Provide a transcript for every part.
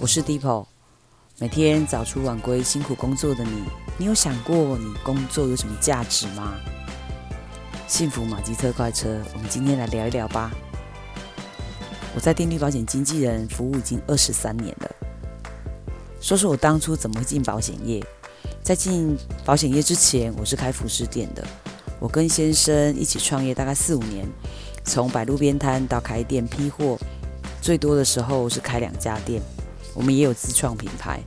我是 Deepo，每天早出晚歸辛苦工作的你，你有想過你工作有什麼價值嗎？幸福馬吉特快車，我們今天來聊一聊吧。我在電力保險經紀人服務已經二十三年了。說說我當初怎麼會進保險業，在進保險業之前，我是開服飾店的。我跟先生一起創業大概四五年，從擺路邊攤到開店批貨，最多的時候是開兩家店。我們也有自創品牌，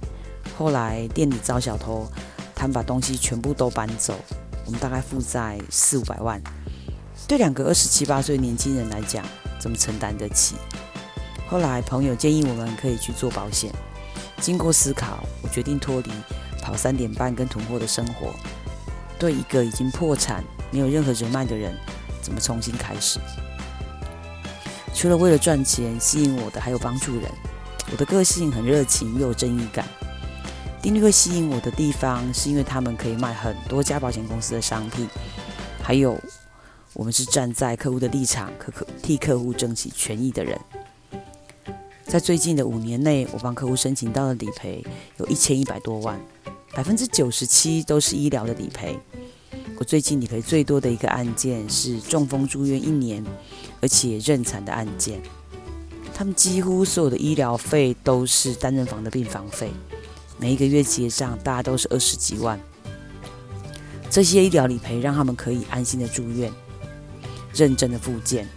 後來店裡遭小偷，他們把東西全部都搬走，我們大概負債四五百萬，對兩個二十七八歲年輕人來講，怎麼承擔得起？後來朋友建議我們可以去做保險，經過思考，我決定脫離跑三點半跟囤貨的生活，對一個已經破產沒有任何人脈的人，怎麼重新開始？除了為了賺錢吸引我的，還有幫助人。我的個性很熱情，又有正義感。丁律會吸引我的地方，是因為他們可以賣很多家保險公司的商品，還有我們是站在客戶的立場，可可替客戶爭取權益的人。在最近的五年內，我幫客戶申請到的理賠有一千一百多萬，百分之九十七都是醫療的理賠。我最近理賠最多的一個案件是中風住院一年，而且認殘的案件。他們幾乎所有的醫療費都是單人房的病房費，每一個月結賬，大家都是二十幾萬。這些醫療理賠讓他們可以安心的住院，認真的復健。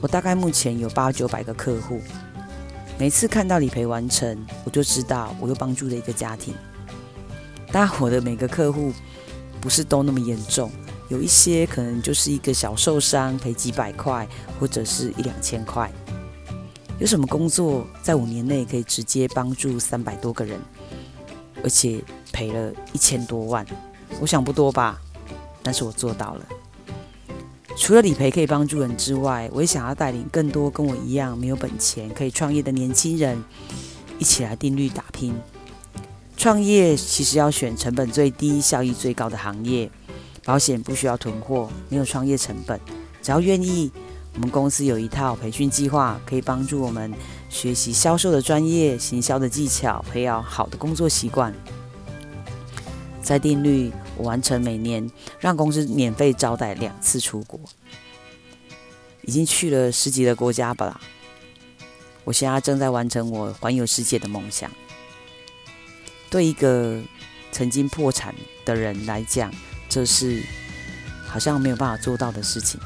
我大概目前有八九百個客戶，每次看到理賠完成，我就知道我又幫助了一個家庭。但我的每個客戶不是都那麼嚴重，有一些可能就是一個小受傷，賠幾百塊或者是一兩千塊。有什麼工作在五年內可以直接幫助三百多個人，而且賠了一千多萬？我想不多吧，但是我做到了。除了理賠可以幫助人之外，我也想要帶領更多跟我一樣沒有本錢可以創業的年輕人，一起來定律打拼。創業其實要選成本最低、效益最高的行業，保險不需要囤貨，沒有創業成本，只要願意。我們公司有一套培訓計劃，可以幫助我們學習銷售的專業、行銷的技巧，培養好的工作習慣。在定律，我完成每年，讓公司免費招待兩次出國，已經去了十幾個國家吧啦。我現在正在完成我環遊世界的夢想。對一個曾經破產的人來講，這是好像沒有辦法做到的事情。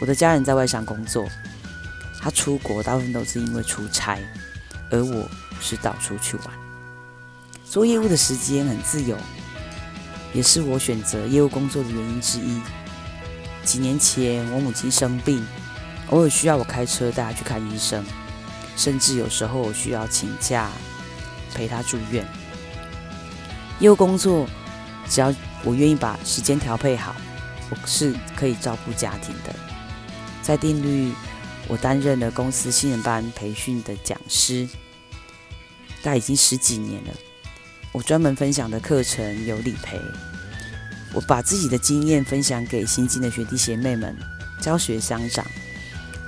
我的家人在外商工作，他出國大部分都是因為出差，而我是到處去玩。做業務的時間很自由，也是我選擇業務工作的原因之一。幾年前我母親生病，偶爾需要我開車帶她去看醫生，甚至有時候我需要請假陪她住院。業務工作只要我願意把時間調配好，我是可以照顧家庭的。在定律，我擔任了公司新人班培訓的講師，大概已經十幾年了。我專門分享的課程有理賠，我把自己的經驗分享給新進的學弟學妹們，教學相長。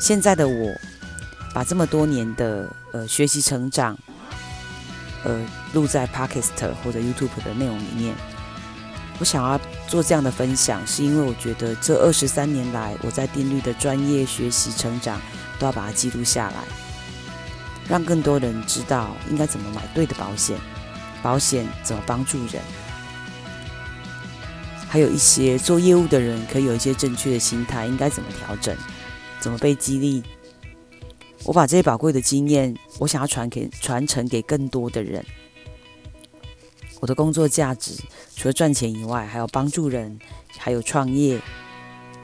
現在的我，把這麼多年的呃學習成長，呃錄在 Podcast 或者 YouTube 的內容裡面。我想要做這樣的分享，是因為我覺得這二十三年來我在定律的專業學習成長，都要把它記錄下來，讓更多人知道應該怎麼買對的保險，保險怎麼幫助人，還有一些做業務的人可以有一些正確的心態，應該怎麼調整，怎麼被激勵。我把這些寶貴的經驗，我想要傳給傳承給更多的人。我的工作價值除了賺錢以外，還要幫助人，還有創業。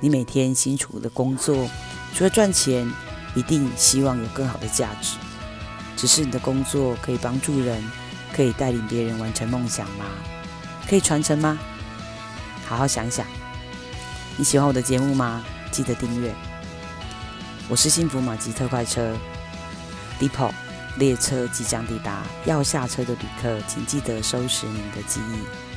你每天辛苦的工作，除了賺錢，一定希望有更好的價值。只是你的工作可以幫助人，可以帶領別人完成夢想嗎？可以傳承嗎？好好想想。你喜歡我的節目嗎？記得訂閱。我是幸福馬吉特快車，Depot。列車即將抵達，要下車的旅客，請記得收拾您的記憶。